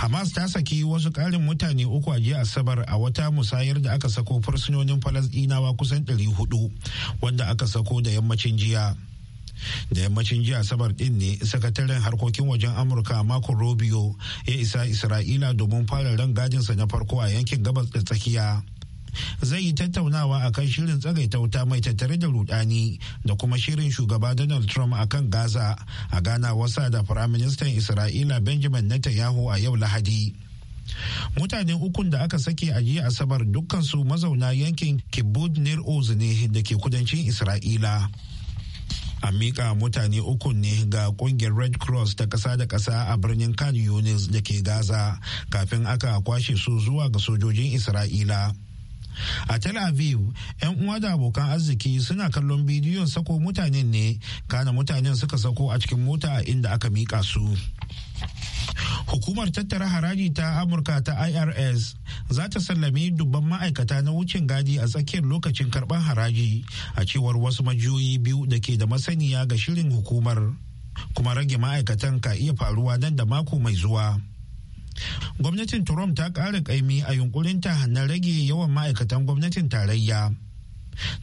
Hamas ta saki wasu ƙarin mutane uku a jiya Asabar a wata musayar da aka sako fursunonin Falasɗinawa kusan 400 wanda aka sako da yammacin jiya. Da yammacin jiya Asabar ɗin ne sakataren harkokin wajen Amurka Marco Rubio ya isa Isra'ila domin fara rangajinsa na farko a yankin gabas da tsakiya. zai yi tattaunawa a kan shirin tsagaita wuta mai tattare da rudani da kuma shirin shugaba donald trump a kan gaza a gana wasa da firaministan isra'ila benjamin netanyahu a yau lahadi mutane ukun da aka sake a jiya asabar dukkansu mazauna yankin Kibbut nir oz ne da ke kudancin isra'ila a miƙa mutane ukun ne ga ƙungiyar red cross ta ƙasa da ƙasa a birnin khan yunis da ke gaza kafin aka kwashe su zuwa ga sojojin isra'ila a tel aviv 'yan uwa da abokan arziki suna kallon bidiyon sako mutanen ne kana mutanen suka sako a cikin mota inda aka mika su hukumar tattara haraji ta amurka ta irs za ta sallame dubban ma'aikata na wucin gadi a tsakiyar lokacin karban haraji a cewar wasu majiyoyi biyu da ke da masaniya ga shirin hukumar kuma rage ma'aikatan ka iya faruwa nan da mako mai zuwa Gwamnatin Trump ta ƙara ƙaimi a yunkurinta na rage yawan ma'aikatan gwamnatin tarayya.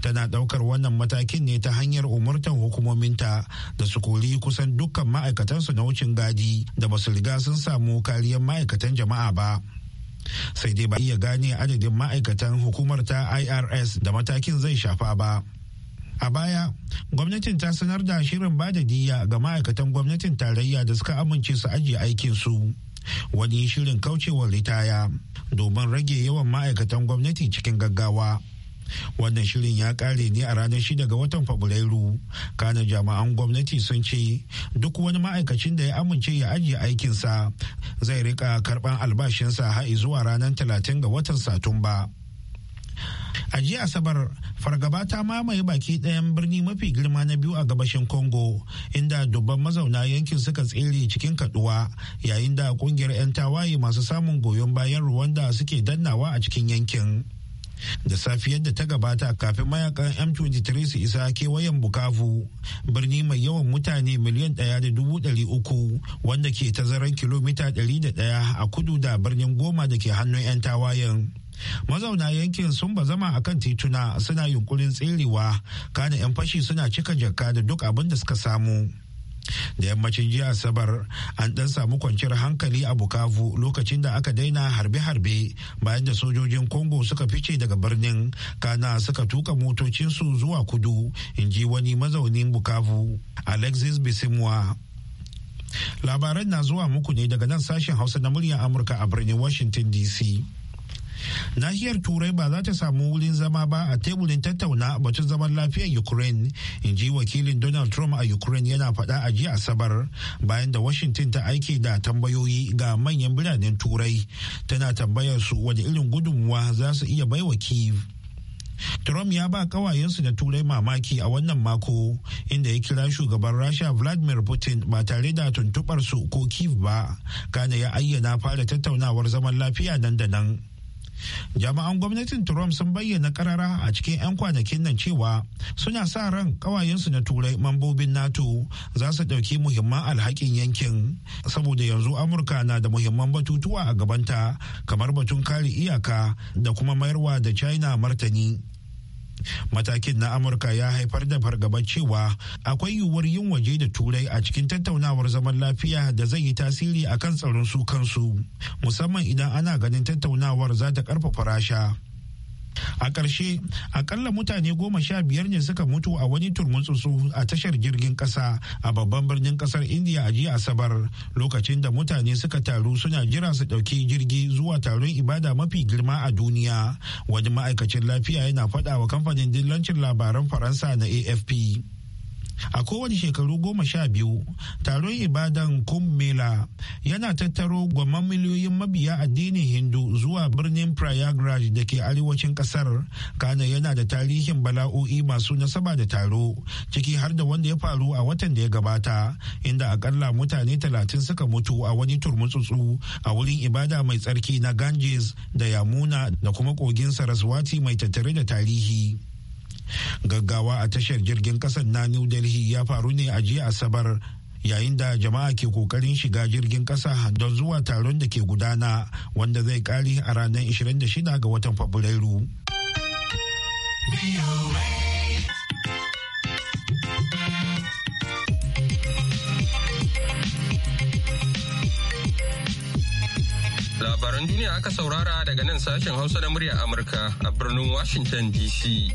Tana ɗaukar wannan matakin ne ta hanyar umurtan hukumominta da su kori kusan dukkan ma'aikatansu na wucin gadi da ba su riga sun samu kariyar ma'aikatan jama'a ba. Sai dai ba iya gane adadin ma'aikatan hukumar ta IRS da matakin zai shafa ba. A baya, gwamnatin ta sanar da shirin bada diya ga ma'aikatan gwamnatin tarayya da suka amince su ajiye aikinsu. wani shirin kaucewa ritaya domin rage yawan ma'aikatan gwamnati cikin gaggawa. wannan shirin ya kare ne a ranar shida ga watan fabrairu kana jami'an gwamnati sun ce duk wani ma'aikacin da ya amince ya ajiye aikinsa zai rika karban albashinsa har zuwa ranar talatin ga watan satumba a jiya asabar fargaba ta mamaye baki ɗayan birni mafi girma na biyu a gabashin congo inda dubban mazauna yankin suka tsere cikin kaduwa yayin da kungiyar 'yan tawaye masu samun goyon bayan ruwan da suke dannawa a cikin yankin da safiyar da ta gabata kafin mayakan m23 su isa kewayen bukavu birni mai yawan mutane miliyan ɗaya da dubu ɗari uku wanda ke tazaran kilomita ɗari da ɗaya a kudu da birnin goma da ke hannun 'yan tawayen mazauna yankin sun zama a kan tituna suna yunkurin tserewa kana 'yan fashi suna cika jaka da duk abin da suka samu da yammacin jiya asabar an dan samu kwanciyar hankali a bukavu lokacin da aka daina harbe-harbe bayan da sojojin congo suka fice daga birnin kana suka tuka motocinsu zuwa kudu in ji wani mazaunin bukavu alexis bisimwa labaran na zuwa muku ne daga nan sashen hausa na muryar amurka a birnin washington dc nahiyar turai ba za ta samu wurin zama ba a teburin tattauna batun zaman lafiyar ukraine in ji wakilin donald trump a ukraine yana faɗa a jiya asabar bayan da washington ta aiki da tambayoyi ga manyan biranen turai tana tambayar su wani irin gudunmuwa za su iya baiwa Kiv. Trump ya ba kawayensu na turai mamaki a wannan mako inda ya kira shugaban Rasha Vladimir Putin ba tare da tuntubar su ko Kiev ba, kana ya ayyana fara tattaunawar zaman lafiya nan da nan. jami'an gwamnatin trump sun bayyana karara a cikin 'yan kwanakin nan cewa suna sa ran kawayensu na turai mambobin nato za su ɗauki muhimman alhakin yankin saboda yanzu amurka na da muhimman batutuwa a gabanta kamar batun kare iyaka da kuma mayarwa da china martani matakin na amurka ya haifar da fargabar cewa akwai yiwuwar yin waje da turai a cikin tattaunawar zaman lafiya da zai yi tasiri akan tsaron su kansu musamman idan ana ganin tattaunawar za ta karfafa rasha a ƙarshe akalla mutane goma sha biyar ne suka mutu a wani turmutsutsu a tashar jirgin ƙasa a babban birnin ƙasar indiya a jiya asabar lokacin da mutane suka taru suna jira su ɗauki jirgi zuwa taron ibada mafi girma a duniya wani ma'aikacin lafiya yana faɗa wa kamfanin dillancin labaran faransa na afp A kowane shekaru goma sha biyu, taron Ibadan Kumbh yana tattaro gwamman miliyoyin mabiya addinin Hindu zuwa birnin Prayagraj da ke arewacin kasar. Kana yana da tarihin bala'o'i masu nasaba da taro, ciki har da wanda ya faru a watan da ya gabata, inda akalla mutane talatin suka mutu a wani turmutsutsu a wurin ibada mai tsarki na Ganges da Yamuna da kuma kogin Saraswati mai tattare da tarihi. Gaggawa a tashar jirgin kasar na New Delhi ya faru ne a jiya Asabar yayin da jama'a ke kokarin shiga jirgin kasa don zuwa taron da ke gudana wanda zai kare a ranar 26 ga watan Fabrairu. Labaran duniya aka saurara daga nan sashen Hausa da murya Amurka a birnin Washington DC.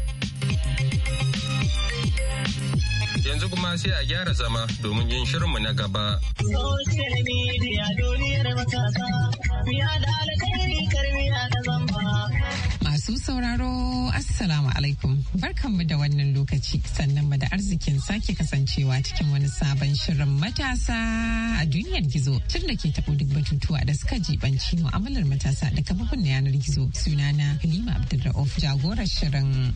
Yanzu kuma sai a gyara zama domin yin shirinmu na gaba. Social media duniyar matasa, Masu sauraro Assalamu alaikum barkanmu da wannan lokaci sannan mu da arzikin sake kasancewa cikin wani sabon shirin matasa a duniyar gizo tun da ke tabo duk batutuwa da suka jibanci mu'amalar matasa da kafafun na yanar gizo sunana Halima Abdulrauf jagorar shirin.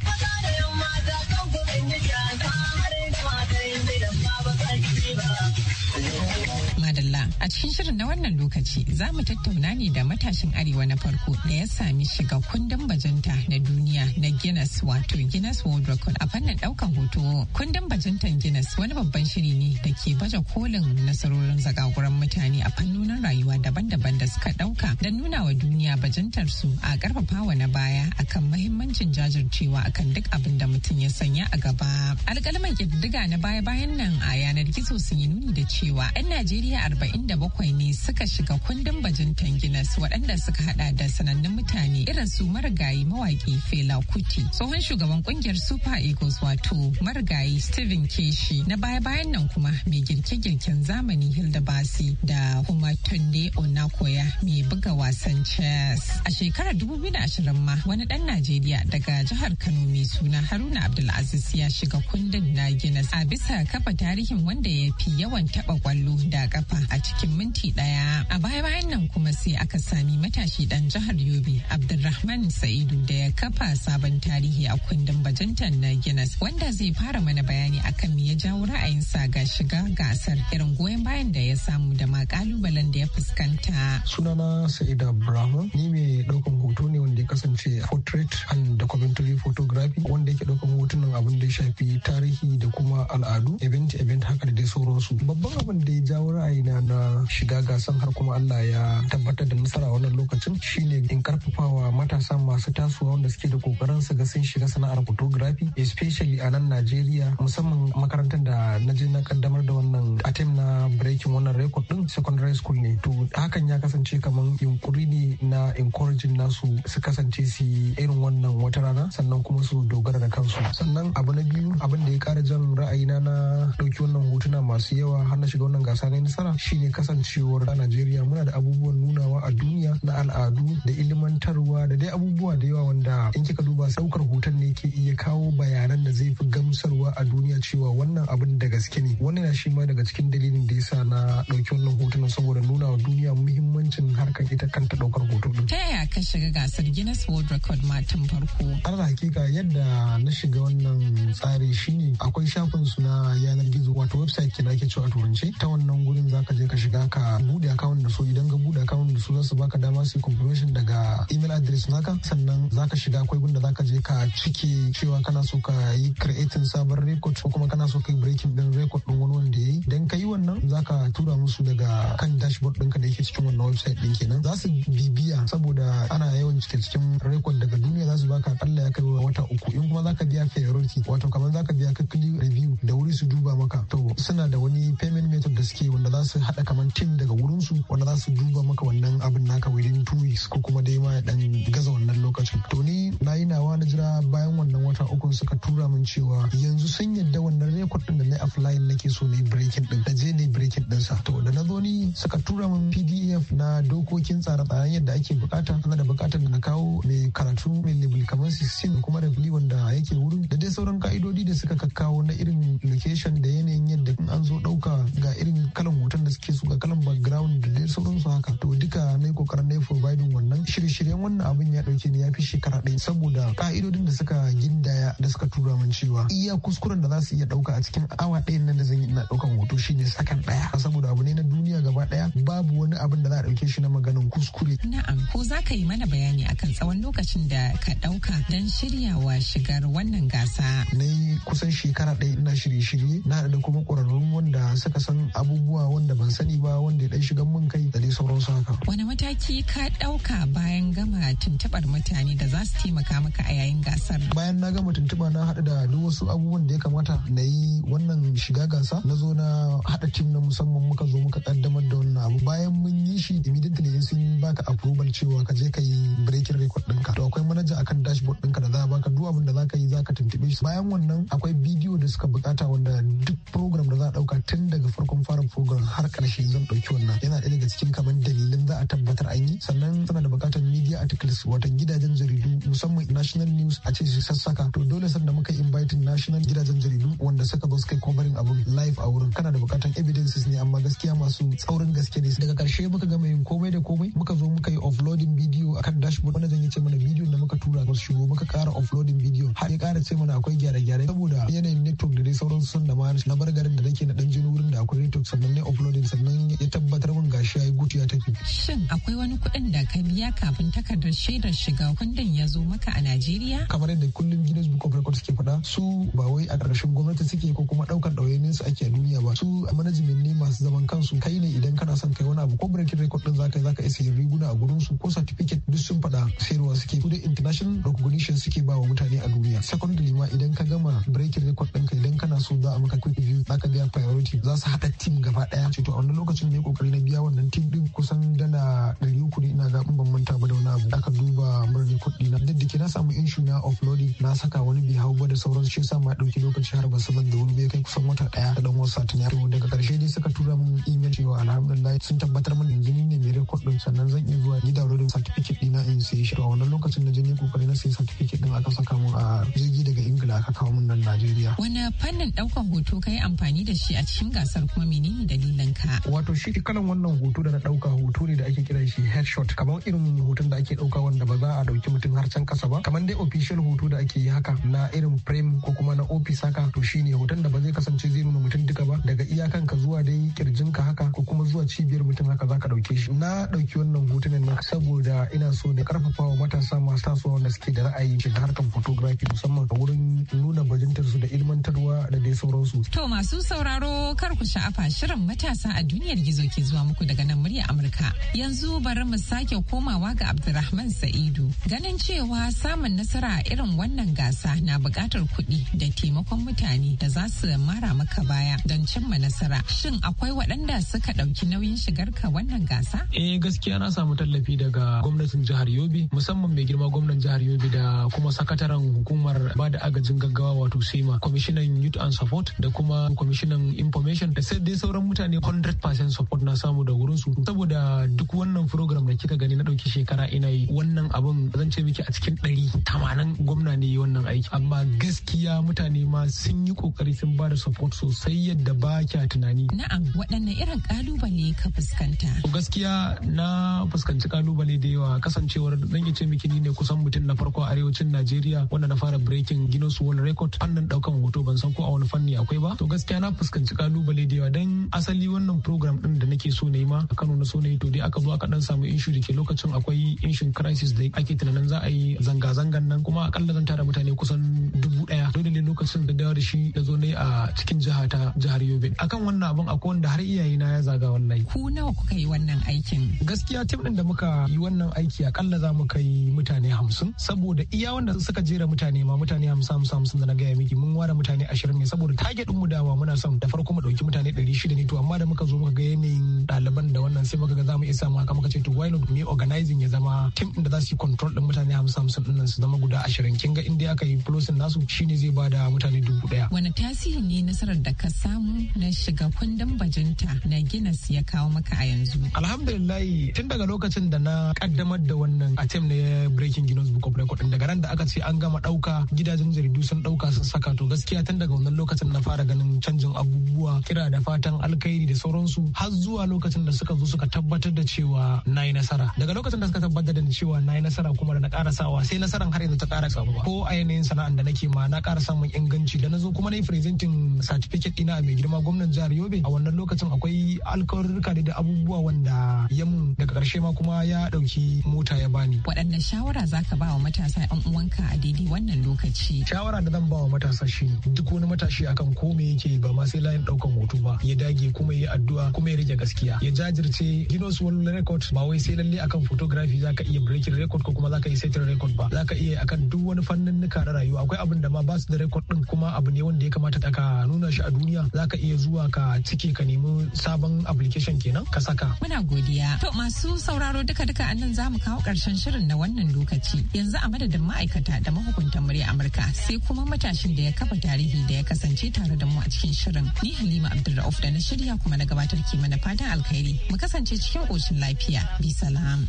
Madalla a cikin shirin na wannan lokaci za mu tattauna ne da matashin arewa na farko da ya sami shiga kundin bajinta na duniya na Guinness wato Guinness World Record a fannin daukan hoto. Kundin bajintan Guinness wani babban shiri ne da ke baje kolin nasarorin zagaguran mutane a fannonin rayuwa daban-daban da suka dauka da nuna wa duniya bajintar su a karfafawa na baya akan mahimmancin jajircewa akan duk abin da mutum ya sanya a gaba. Alƙalman ƙididdiga na baya-bayan nan a yanar gizo sun yi nuni da cewa 'yan Najeriya 47 ne suka shiga kundin bajintan Guinness waɗanda suka hada da sanannun mutane irin su marigayi mawaki Fela Kuti, tsohon shugaban kungiyar Super Eagles wato marigayi Steven Keshi na baya-bayan nan kuma mai girke-girken zamani Hilda Basi da kuma Tunde Onakoya mai buga wasan chess. A shekarar 2020 ma wani ɗan Najeriya daga jihar Kano mai suna Haruna Abdulaziz ya shiga kundin na Guinness a bisa kafa tarihi tarihin wanda ya fi yawan taɓa kwallo da kafa a cikin minti ɗaya. A baya-bayan nan kuma sai aka sami matashi ɗan jihar Yobe Abdulrahman Sa'idu da ya kafa sabon tarihi a kundin bajintan na Guinness wanda zai fara mana bayani akan me ya jawo ra'ayinsa ga shiga gasar irin goyon bayan da ya samu da ma kalubalen da ya fuskanta. Sunana Sa'idu Abdulrahman ni mai ɗaukan hoto ne wanda ya kasance portrait and documentary photography wanda yake daukan hotunan abin da ya shafi tarihi da kuma al'adu event event talent haka da sauransu babban abin da ya jawo ra'ayina na shiga gasan har kuma Allah ya tabbatar da nasara wannan lokacin shine in karfafawa matasa masu tasowa wanda suke da kokarin su ga sun shiga sana'ar photography especially a nan Najeriya musamman makarantar da na je na kaddamar da wannan attempt na breaking wannan record din secondary school ne to hakan ya kasance kaman yunkuri ne na encouraging nasu su kasance su irin wannan wata rana sannan kuma su dogara da kansu sannan abu na biyu abin da ya kara jan ra'ayina na dauki wannan hotuna masu yawa har na shiga wannan gasa na nasara shine kasancewar a Najeriya muna da abubuwan nunawa a duniya na al'adu da ilimantarwa da dai abubuwa da yawa wanda in kika duba saukar hoton ne ke iya kawo bayanan da zai fi gamsarwa a duniya cewa wannan abin da gaske ne wannan na shi ma daga cikin dalilin da yasa na ɗauki wannan hotunan saboda nuna wa duniya muhimmancin harkar ita kanta ɗaukar hoton. Ta yaya ka shiga gasar Guinness World Record matan farko? Har hakika yadda na shiga wannan tsari shine akwai shafin su na yanar wato website kina ake cewa a turance ta wannan gurin zaka je ka shiga ka bude account da su idan ka bude account da su za su baka dama su confirmation daga email address naka sannan zaka shiga akwai gunda zaka je ka cike cewa kana so ka yi creating sabon record ko kuma kana so ka yi breaking din record din wani wanda yayi dan ka yi wannan zaka tura musu daga kan dashboard ɗinka da yake cikin wannan website din kenan za su bibiya saboda ana yawan cike cikin record daga duniya za su baka akalla ya kai wata uku in kuma zaka biya priority wato kamar zaka biya ka review da wuri su duba maka to suna da wani payment method da suke wanda za su haɗa kamar team daga wurinsu wanda za su duba maka wannan abin naka within two weeks ko kuma dai ma ya dan gaza wannan lokacin to ni na yi nawa na jira bayan wannan wata uku suka tura min cewa yanzu sun yadda wannan record din da na apply nake so na yi breaking din da je ne breaking din sa to da na zo ni suka tura min PDF na dokokin tsare-tsaren yadda ake bukata ana da bukatar da na kawo mai karatu mai level kamar 16 kuma da wanda yake wurin dai sauran ka'idodi da suka kakkawo na irin location da yanayin yadda an zo ɗauka ga irin kalan hoton da suke suka ga kalan background da dai sauransu haka to duka na yi kokarin na providing wannan shirye-shiryen wannan abin ya ɗauke ni ya fi shekara ɗaya saboda ka'idodin da suka gindaya da suka tura min cewa iya kuskuren da za su iya ɗauka a cikin awa ɗayan nan da zan yi ina ɗaukan hoto shine sakan ɗaya saboda abu ne na duniya gaba ɗaya babu wani wani abin da za a ɗauke shi na maganin kuskure. Na'am, ko za ka yi mana bayani akan tsawon lokacin da ka ɗauka don shiryawa shigar wannan gasa? Na yi kusan shekara ɗaya ina shirye-shirye, na da kuma ƙwararrun wanda suka san abubuwa wanda ban sani ba wanda ya ɗan shigan mun kai da dai su haka. Wani mataki ka ɗauka bayan gama tuntuɓar mutane da za su taimaka maka a yayin gasar? Bayan na gama tuntuɓa na haɗu da duk wasu abubuwan da ya kamata na yi wannan shiga gasa na zo na haɗa tim na musamman muka zo muka ƙaddamar da wannan abu bayan mun yi shi immediately sun baka approval cewa ka je ka yi aikin record ɗinka to akwai manaja akan dashboard ɗinka da za a baka duk abin da za ka yi za ka tuntuɓe shi bayan wannan akwai bidiyo da suka bukata wanda duk program da za a ɗauka tun daga farkon fara program har karshe zan ɗauki wannan yana ɗaya daga cikin kamar dalilin za a tabbatar an yi sannan suna da bukatar media articles wata gidajen jaridu musamman national news a ce su sassaka to dole sanda muka inviting national gidajen jaridu wanda suka zo kai covering abu live a wurin kana da bukatar evidences ne amma gaskiya masu tsaurin gaske ne daga karshe muka gama yin komai da komai muka zo muka yi offloading bidiyo akan dashboard abin na zan yi ce mana bidiyon da muka tura wasu shigo muka kara offloading bidiyo har ya kara ce mana akwai gyare-gyare saboda yanayin network da dai sauran sun da ma na bar garin da nake na dan jini wurin da akwai network sannan ne offloading sannan ya tabbatar min gashi yayi gutu ya tafi shin akwai wani kuɗin da ka biya kafin takardar shaidar shiga kundin ya zo maka a Najeriya kamar yadda kullum Guinness Book of Records ke faɗa su ba wai a ƙarshen gwamnati suke ko kuma ɗaukar ɗauyenin su ake a duniya ba su a management ne masu zaman kansu kai ne idan kana son kai wani abu ko breaking record din zaka zaka isa yin riguna a gurin su ko certificate duk sun faɗa sayarwa suke kudin international recognition suke ba wa mutane a duniya secondly ma idan ka gama breaking record ɗinka idan kana so za a maka quick review ka biya priority za su haɗa team gaba ɗaya ce to a wani lokacin ne kokari na biya wannan team ɗin kusan dala ɗari uku ne ina ga in ban manta ba da wani abu aka duba mara record ɗina duk da ke na samu inshu na offloading na saka wani bai hau ba da sauransu shi yasa ma ɗauki lokaci har ba su da wani bai kai kusan wata ɗaya da ɗan wasu sataniya to daga ƙarshe dai suka tura min email cewa alhamdulillah sun tabbatar min yanzu ne mai record ɗin sannan zan iya zuwa gidan rodin certificate ɗina in sai yi shi a wannan lokacin na jini kokari na sai certificate din aka saka mun a jirgi daga ingila aka kawo mun nan najeriya wani fannin ɗaukan hoto ka yi amfani da shi a cikin gasar kuma menene dalilan ka wato shi kalan wannan hoto da na dauka hoto ne da ake kira shi headshot kamar irin hoton da ake dauka wanda ba za a dauki mutum har can kasa ba kamar dai official hoto da ake yi haka na irin frame ko kuma na office haka to shine hoton da ba zai kasance zai nuna mutum ka ba daga iyakanka zuwa dai ka haka ko kuma zuwa cibiyar mutum haka zaka dauke shi na dauki wannan hotunan nan saboda ina so da karfafa wa matasa masu tasowa wanda suke da ra'ayi shiga harkar photography musamman a wurin nuna bajintar su da ilmantarwa da dai sauransu to masu sauraro kar ku sha'afa shirin matasa a duniyar gizo ke zuwa muku daga nan murya Amurka yanzu bari mu sake komawa ga abdurrahman Sa'idu ganin cewa samun nasara a irin wannan gasa na bukatar kuɗi da taimakon mutane da za su mara maka baya don cimma nasara. Shin akwai waɗanda suka ɗauki nauyin shigar ka wannan gasa? Eh gaskiya na samu tallafi daga gwamnatin jihar Yobe musamman mai girma gwamnan jihar Yobe da kuma sakataren hukumar ba da agajin gaggawa wato SEMA, kwamishinan youth and support da kuma kwamishinan information da sai dai sauran mutane 100% support na samu da wurin su saboda duk wannan program da kika gani na ɗauki shekara ina yi wannan abun zan ce miki a cikin ɗari tamanin gwamna ne wannan aiki amma gaskiya mutane ma sun yi kokari sun ba da support sosai da ba kya tunani. Na'am waɗanne irin kalubale ka fuskanta. Gaskiya na fuskanci kalubale da yawa kasancewar dan ce miki ne kusan mutum na farko a arewacin Najeriya wanda na fara breaking Guinness World Record fannin daukan hoto ban san ko a wani fanni akwai ba. To gaskiya na fuskanci kalubale da yawa dan asali wannan program din da nake so na yi ma a Kano na so na to dai aka zo aka dan samu inshu da ke lokacin akwai inshin crisis da ake tunanin za a yi zanga-zangan nan kuma akalla zan tara mutane kusan dubu daya. Dole ne lokacin da dawo da shi da zo na a cikin jiha ta jihar Yobe akan wannan abun akwai wanda har iyaye na ya zaga wallahi ku nawa kuka yi wannan aikin gaskiya tim din da muka yi wannan aiki akalla za mu kai mutane hamsin saboda iya wanda suka jera mutane ma mutane hamsin hamsin hamsin da na gaya miki mun ware mutane ashirin ne saboda target din mu dama muna son da farko mu ɗauki mutane ɗari shida ne to amma da muka zo muka ga yanayin ɗaliban da wannan sai muka ga za mu isa mu haka muka ce to why not me organizing ya zama tim din da za su yi control din mutane hamsin hamsin din nan su zama guda ashirin kin ga inda aka yi closing nasu shine zai bada mutane dubu ɗaya. wani tasiri ne nasarar da ka samu na shiga kundin bajinta na Guinness ya kawo maka a yanzu? Alhamdulillah tun daga lokacin da na kaddamar da wannan atem na Breaking Guinness Book of Record daga ran da aka ce an gama dauka gidajen jaridu sun dauka sun saka to gaskiya tun daga wannan lokacin na fara ganin canjin abubuwa kira da fatan alkhairi da sauransu har zuwa lokacin da suka zo suka tabbatar da cewa na yi nasara daga lokacin da suka tabbatar da cewa na yi nasara kuma da na karasawa sai nasaran har yanzu ta kara samuwa ko a yanayin sana'an da nake ma na kara samun inganci da na zo kuma na yi presenting satifiket ɗina da mai girma gwamnan jihar Yobe a wannan lokacin akwai alkawarurruka da abubuwa wanda ya mun daga karshe ma kuma ya ɗauki mota ya bani. Waɗanne shawara za ka ba wa matasa 'yan uwanka a daidai wannan lokaci? Shawara da zan ba wa matasa shi duk wani matashi akan ko me yake ba ma sai layin ɗaukan hoto ba ya dage kuma ya addu'a kuma ya rike gaskiya ya jajirce Guinness World Record ba wai sai lalle akan photography zaka iya breaking record ko kuma zaka iya setting record ba zaka iya kan duk wani fannin na rayuwa akwai abin da ma ba su da record din kuma abu ne wanda ya kamata aka nuna shi a duniya Za ka iya zuwa ka cike ka nemi sabon application kenan ka saka muna godiya to masu sauraro duka duka a nan za mu kawo karshen shirin na wannan lokaci yanzu a madadin ma'aikata da mahukuntan murya Amurka sai kuma matashin da ya kafa tarihi da ya kasance tare da mu a cikin shirin ni Halima Abdulrauf da na shirya kuma na gabatar ke mana fatan alkhairi mu kasance cikin koshin lafiya bi salam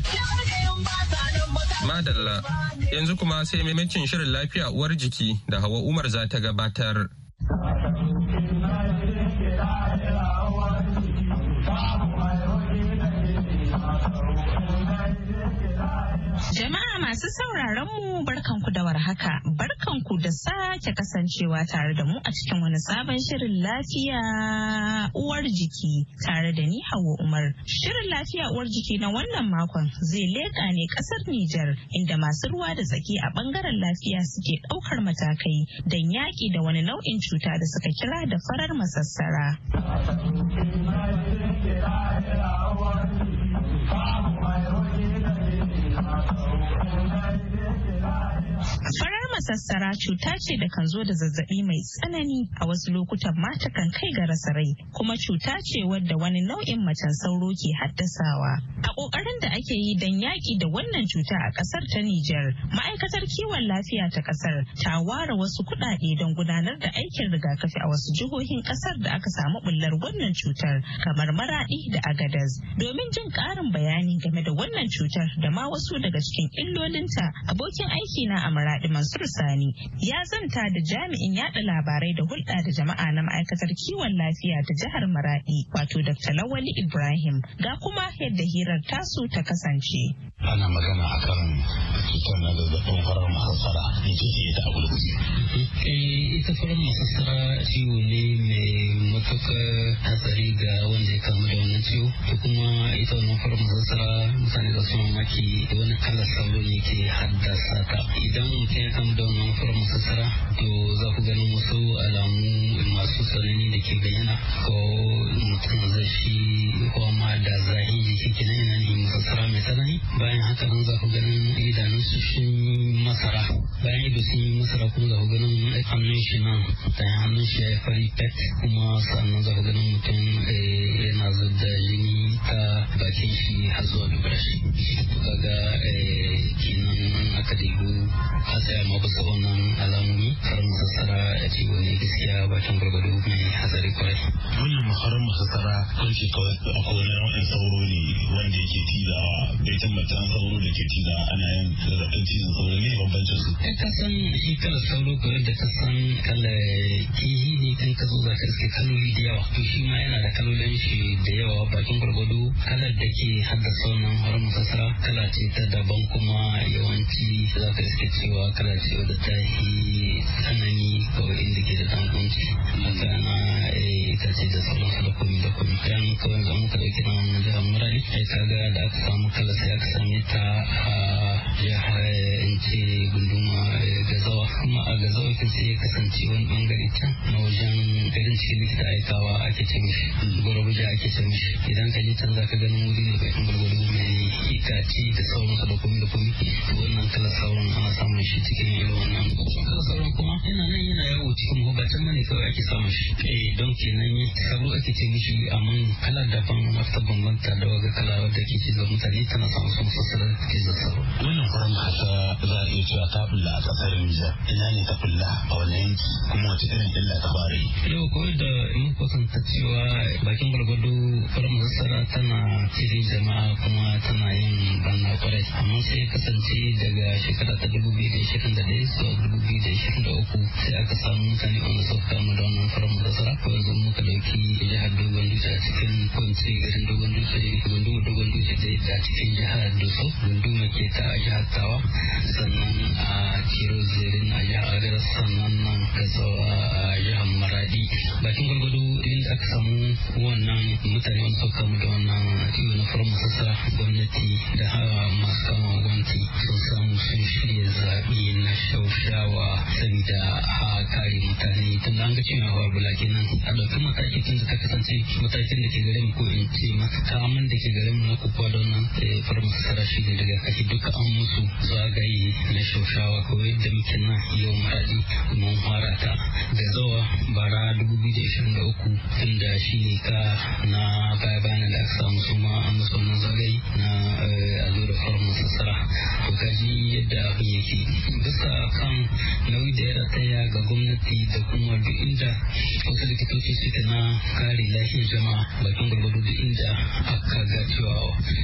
madalla yanzu kuma sai maimacin shirin lafiya uwar jiki da hawa umar za ta gabatar. Jama'a masu sauraron mu barkanku da warhaka, barkanku da sake kasancewa tare da mu a cikin wani sabon shirin lafiya uwar jiki tare da ni Hauwa Umar. Shirin lafiya uwar jiki na wannan makon zai leƙa ne ƙasar Nijar inda masu ruwa da tsaki a ɓangaren lafiya suke ɗaukar matakai don yaƙi da wani nau'in cuta da suka kira da farar masassara. masassara cuta ce da kan zo da zazzabi mai tsanani a wasu lokutan ma kan kai ga rasa rai kuma cuta ce wadda wani nau'in macen sauro ke haddasawa. A ƙoƙarin da ake yi don yaki da wannan cuta a ƙasar ta Nijar, ma'aikatar kiwon lafiya ta ƙasar ta ware wasu kuɗaɗe don gudanar da aikin rigakafi a wasu jihohin ƙasar da aka samu bullar wannan cutar kamar Maraɗi da Agadez. Domin jin ƙarin bayani game da wannan cutar da ma wasu daga cikin illolinta, abokin aiki na a Maraɗi Mansur Sani ya zanta da jami'in yada labarai da hulɗa da jama'a na ma'aikatar kiwon lafiya ta jihar Maradi wato Dr. Lawali Ibrahim ga kuma yadda hirar tasu ta kasance. ana magana akan cutar na zazzabin farar masassara in ce ke ta abu da eh, ita farar masassara ciwo ne mai matuƙar hatsari ga wanda ya kamu da wannan ciwo da kuma ita wannan farar masassara mutane da su mamaki wani kalar sauro ne ke haddasa ta idan mutum ya kamu da wannan farar masassara to za ku ganin wasu alamu masu tsanani da ke bayyana ko mutum zai shi ko ma da zahin jiki kenan yana ne masassara mai tsanani bayan haka nan za ku ganin idanun su sun masara bayan sun yi masara kuma za ku ganin hannun shi nan da hannun shi ya fari pet kuma sannan za ku ganin mutum eh, yana zadda jini ta bakin shi har zuwa dubarashi kaga eh, kenan aka dubu hatsaya ma bisa wannan alamomi farin sassara a ce wani gaskiya bakin gwargwado mai hatsari kwarai. wannan mafarin masassara kwanci kawai a kowane nau'in sauro ne wanda yake tilawa bai tabbata an sauro da ke tila ana yin zazzabin cizon sauro ne bambancin su. kai ka san shi kalar sauro ko yadda ka san kalar kihi ne kan ka zo za ka iske kaloli da yawa to shi ma yana da kalolin shi da yawa bakin gwargwado kalar da ke haddasa wannan farin masassara kala ce ta daban kuma yawanci za ka iske suke cewa kana sayo da tashi tsanani kawai inda ke da tsananci haka na eh, ce da sauransu da komi da komi dan kawai da muka dauki na wannan jihar murari ai kaga da aka samu kala sai aka same ta a jihar eh, in ce gunduma eh, gazawa kuma a gazawa kin ce ya kasance wani bangare can na wajen garin cikin likita aikawa ake ce mishi gwarabuja ake ce mishi idan ka je can za ka ganin wuri ne bai kan gwargwado itace da sauran da komi da komi to wannan kalar sauran ana samun shi cikin irin wannan kalar sauran kuma yana nan yana yawo cikin mabatan mane kawai ake samun shi eh don kenan sabo ake ce mishi amma kala daban wata bambanta da waga kala wadda ke ce zama mutane tana samun sun fasalar ke zazzaro wannan kuran hasa za a iya cewa ta bulla a kasar Nijar ina ne ta bulla a wannan yanki kuma wace irin illa ta fara yau kawai da mun kusanta cewa bakin gwargwado kuran hasa tana cikin jama'a kuma tana yin barna kwarai amma sai ya kasance daga shekara ta dubu biyu da ishirin da ɗaya zuwa dubu biyu da ishirin da uku sai aka samu mutane wanda da wannan ko yanzu ɗauki jihar dogon dutse a cikin kwanci garin dogon dutse gundu dogon dutse da cikin jihar doso gundu ta a jihar tawa sannan a zirin a jihar sannan nan a jihar maradi bakin gwargwado inda aka samu wannan mutane da wannan iyo na gwamnati da masu gwamnati sun samu sun shirya zaɓe na shaushawa saboda a kare mutane tun an ga cewa ba bula kenan a ɗauki mataki tun da ta kasance matakin da ke gare mu ko in ce makaman da ke gare mu na kuka da wannan eh, farmasa sara shi ne daga kashi duka an musu zagaye na shaushawa ko yadda muke na yau maradi mun fara ta da zawa bara 2023 tun da shi ne ka na baya bayan da aka samu su ma an musu wannan zagaye na allurar fara masassara to gaji yadda abin yake bisa kan nauyi da ya rataya ga gwamnati da kuma duk inda wasu likitoci suke na kare lafiyar jama'a bakin gwargwado duk inda aka ga cewa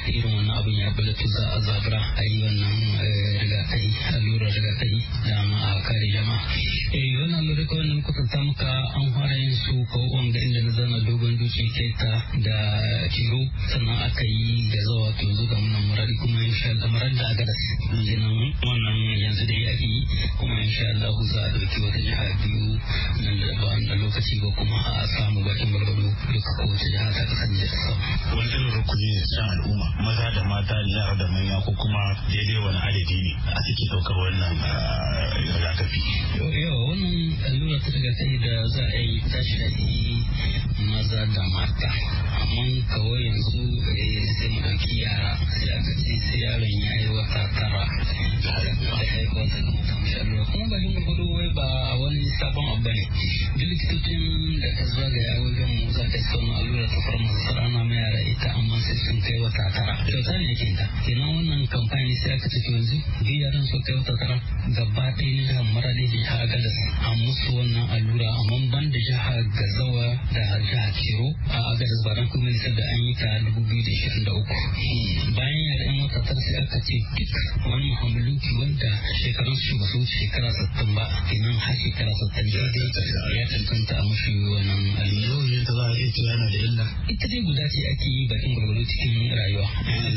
irin wannan abin ya bala za a zabura a yi wannan eh, rigakai allurar rigakai dama a kare jama'a eh, wannan allurar kawai da muka ta muka an fara yin su kawo wanga inda na zana dogon duci kai ta da kiro sannan aka yi da zawa to wannan murari kuma insha Allah murar da agadas kenan wannan yanzu dai ake kuma insha Allah za a dauki wata jiha biyu nan da ba da lokaci ba kuma a samu bakin barbado duka kowace jiha ta kasance ta samu. Wannan rukuni ne cikin al'umma maza da mata da yara da manya ko kuma daidai wani adadi ne a cikin ɗaukar wannan eh, rigakafi. Yau wannan allura ta daga sai da za a yi ta shafi maza da mata amma kawai yanzu eh, sai mu ɗauki yara 人生ある意味愛を語ったら成功するので insha Allah kuma bakin wai ba wani sabon abu ne duk likitocin da ka zagaya wajen mu za ka samu allura ta yara ita amma sai sun kai wata tara kyauta ne yake ta kenan wannan kamfani sai aka tafi yanzu duk yaran su kai wata tara gaba ɗaya ne da mara a musu wannan allura amma ban da gazawa da kero a agadas ba dan kuma nisa da an yi ta dubu biyu da ishirin da uku bayan wata tara sai aka ce duk wani wanda shekarun su ba sun shekara sattin ba har shekara ya tantanta a mashi wannan ta za a yana da illa ita dai guda ce ake yi bakin cikin rayuwa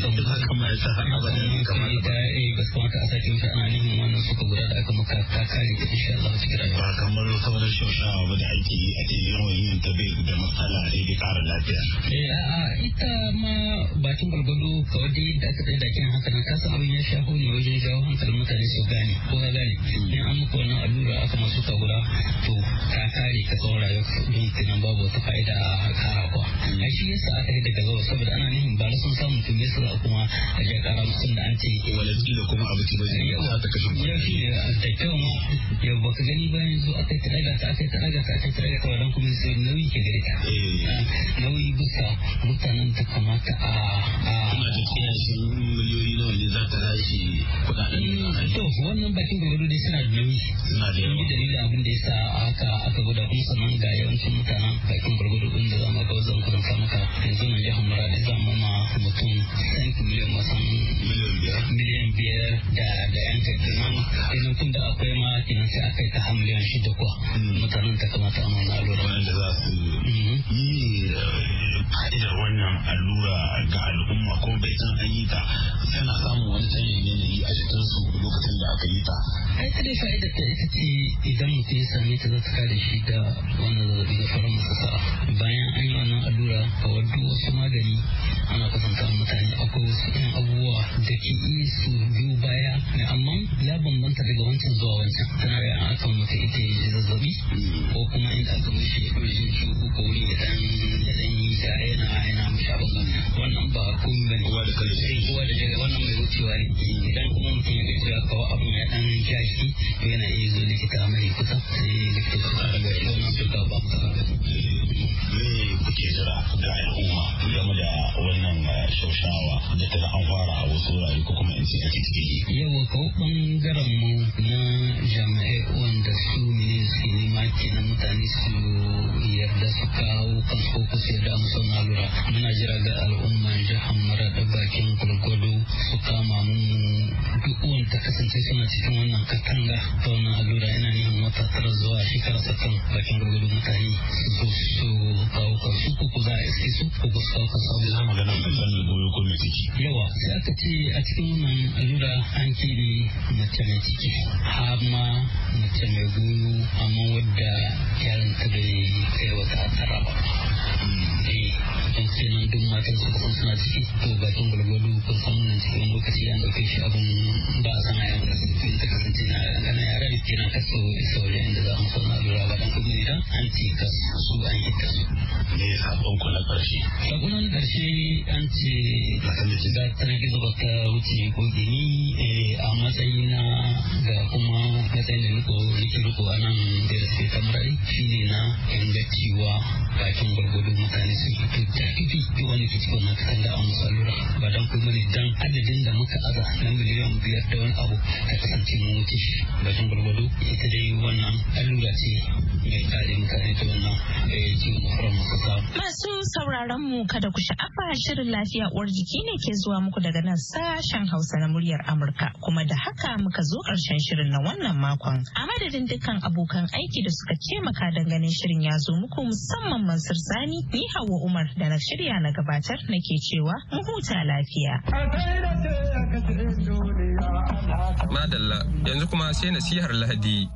saboda ma ita har kamar eh ba su kamata a sake nihin wannan suka guda da aka maka ta kare ka insha Allah cikin rayuwa ba kamar da ake yi ake yawan yin ta bai da matsala da ya kara lafiya eh a ita ma bakin gwargwaro kawai da aka tsaye da kin haka na kasa abin ya ne wajen jawo hankalin mutane su gane ko ga kare in an muku wannan allura aka masu ka guda to ka kare ka tsawon rayuwar don kenan babu wata fa'ida a karawa a shi yasa aka yi daga gawa saboda ana nihin ba sun samu tun yasa da kuma a ja kara mutum da an ce da kuma abu ce ba zai iya ta kashe mutum ya fi da ma yau gani bayan aka yi ta ta aka yi ta ta aka yi ta ta wadan kuma sai nauyi ke gare ta eh. ah, nauyi bisa mutanen ta kamata a kuma da kiyashin miliyoyi nawa ne za ta rashi hmm, to wannan bakin gobe maganganu dai suna da nauyi suna da yawa dalilin abin da yasa aka aka gwada kun ga yawancin mutanen bakin gurgudu din da zamu ga wajen kudin samuka yanzu nan jihar ma mutum cent miliyan wasan miliyan biyar da da yan kakkinan yanzu tun da akwai ma kenan sai aka yi ta miliyan shida kuwa hmm. mutanen ta kamata a mana alura wanda za su hmm. yi eh, fa'idar wannan allura ga al'umma ko bai san an yi ta tana samun wani canjin yanayi a cikin su lokacin da aka yi ta. ai ta dai fa'idar ta ita ce idan mutum ya same ta za ta kare shi da wannan zazzabi da farin sa'a bayan an yi wannan allura kawar duk wasu magani ana kwatanta mutane akwai wasu irin abubuwa da ke iya su biyu baya amma ya bambanta daga wancan zuwa wancan tana da akan mutum ita yi zazzabi ko kuma inda aka mishi kurjin shi ko wuri da dan da yi da yana yana abin wannan ba komi ba ne kowa da kalli sai eh, kowa da daga wannan mai wucewa ne idan kuma mutum ya gaji ya kawo abin ya dan ja shi to yana iya zo likita mai kusa sai likita su kara ga shi wannan duka ba mu kara ga eh, kuke jira da al'umma game da wani wannan eh, shaushawa da ta an fara a wasu wurare ko kuma in ce a cikin ko mu na jami'ai wanda su ne su nema mutane su yarda su kawo kansu ko su yarda musu na lura muna jira ga al'umma jihar mara da bakin gwargwado su kama mu duk wanda kasance suna cikin wannan katanga ta wannan allura yana neman wata tara zuwa shekara sakan bakin gwargwado mutane su zo su kawo kansu ko ku za a iske su ko ku kawo kansu. nan alfanul goyo ko mai ciki. Yawa sai aka ce a cikin wannan allura an keɓe mace mai ciki har ma mace mai goyo amma wadda yaron ta bai kai wata tara ba. don matan su suna ciki to bakin gwalgwalo kun lokaci an ɗauke shi abin ba na ƙana yara da kenan kaso isa wajen inda za mu sauna an an na na an ce ta na wuce ko a matsayi na ga kuma matsayin da niko nake riko a na ingancewa bakin gwalgwalo abin mutane suke fidda fifi ki wani ke na wannan katanga a salura ba dan kuma ne dan adadin da muka aza na miliyan biyar da wani abu ta kasance mu wuce ita dai wannan ce mai kare ta wannan ya eh, Masu sauraron mu kada ku sha'afa shirin lafiya uwar jiki ne ke zuwa muku daga nan sashen Hausa na muryar Amurka kuma da haka muka zo ƙarshen shirin na wannan makon. A madadin dukkan abokan aiki da suka taimaka dangane shirin ya zo muku musamman Mansur Sani ni Hauwa Umar da na shirya na gabatar nake cewa mu huta lafiya. da kai Madalla yanzu kuma sai nasihar Lahadi.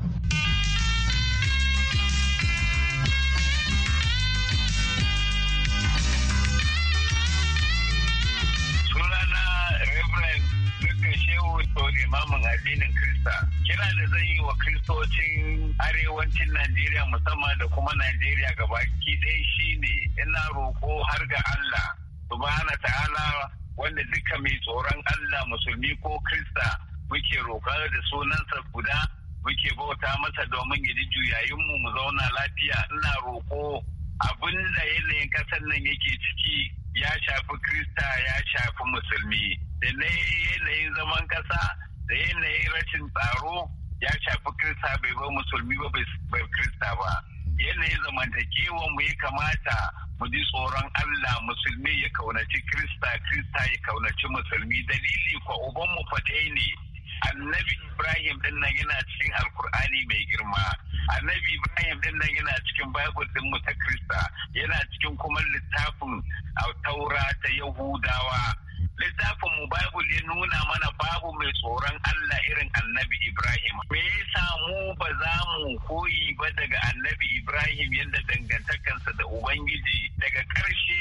imamin addinin Krista. Kira da zai yi wa Kristocin arewacin Najeriya musamman da kuma Najeriya gabaki ɗaya shine ina roƙo har ga Allah subhana ta'ala wanda duka mai tsoron Allah musulmi ko Krista muke roƙar da sunansa guda muke bauta masa domin ya ji juyayinmu mu zauna lafiya ina roƙo abin da yanayin ƙasar nan yake ciki ya shafi krista ya shafi musulmi da yanayin zaman ƙasa da yanayin rashin tsaro ya shafi krista bai bar musulmi ba bai krista ba yanayin zamantakewa mu ya kamata mu ji tsoron Allah musulmi ya kaunaci krista krista ya kaunaci musulmi dalili kwa ubanmu fatai ne annabi ibrahim din nan yana cikin alkur'ani mai girma annabi ibrahim din nan yana cikin bible din mu ta krista yana cikin kuma littafin taura ta yahudawa littafin mu bible ya nuna mana babu mai tsoron allah irin annabi ibrahim me yasa mu ba za mu koyi ba daga annabi ibrahim yadda dangantakansa da ubangiji daga karshe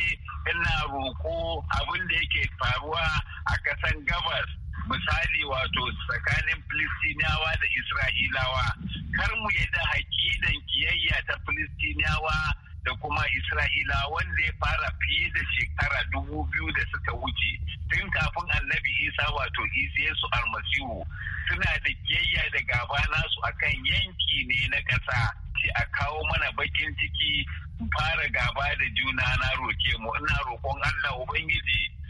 ina roko abin da yake faruwa a kasan gabas misali wato tsakanin filistiniyawa da isra'ilawa kar mu yadda hakidan kiyayya ta filistiniyawa da kuma isra'ilawa, wanda ya fara fiye da shekara dubu biyu da suka wuce tun kafin annabi isa wato yesu almasihu suna da kiyayya da gaba nasu akan yanki ne na ƙasa ce a kawo mana bakin ciki fara gaba da juna na roke mu ina roƙon allah ubangiji